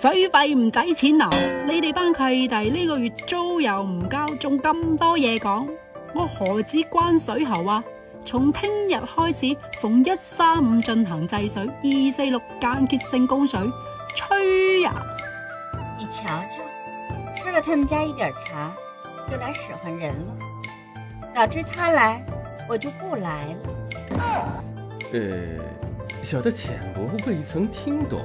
水費唔使錢啦！你哋班契弟呢個月租又唔交，仲咁多嘢講，我何止關水喉啊！從聽日開始，逢一三五進行制水，二四六間歇性供水，吹呀！你瞧瞧，吃了他們家一點茶，就來使喚人了。早知他來，我就不來了。嗯、呃，小的淺薄，未曾聽懂。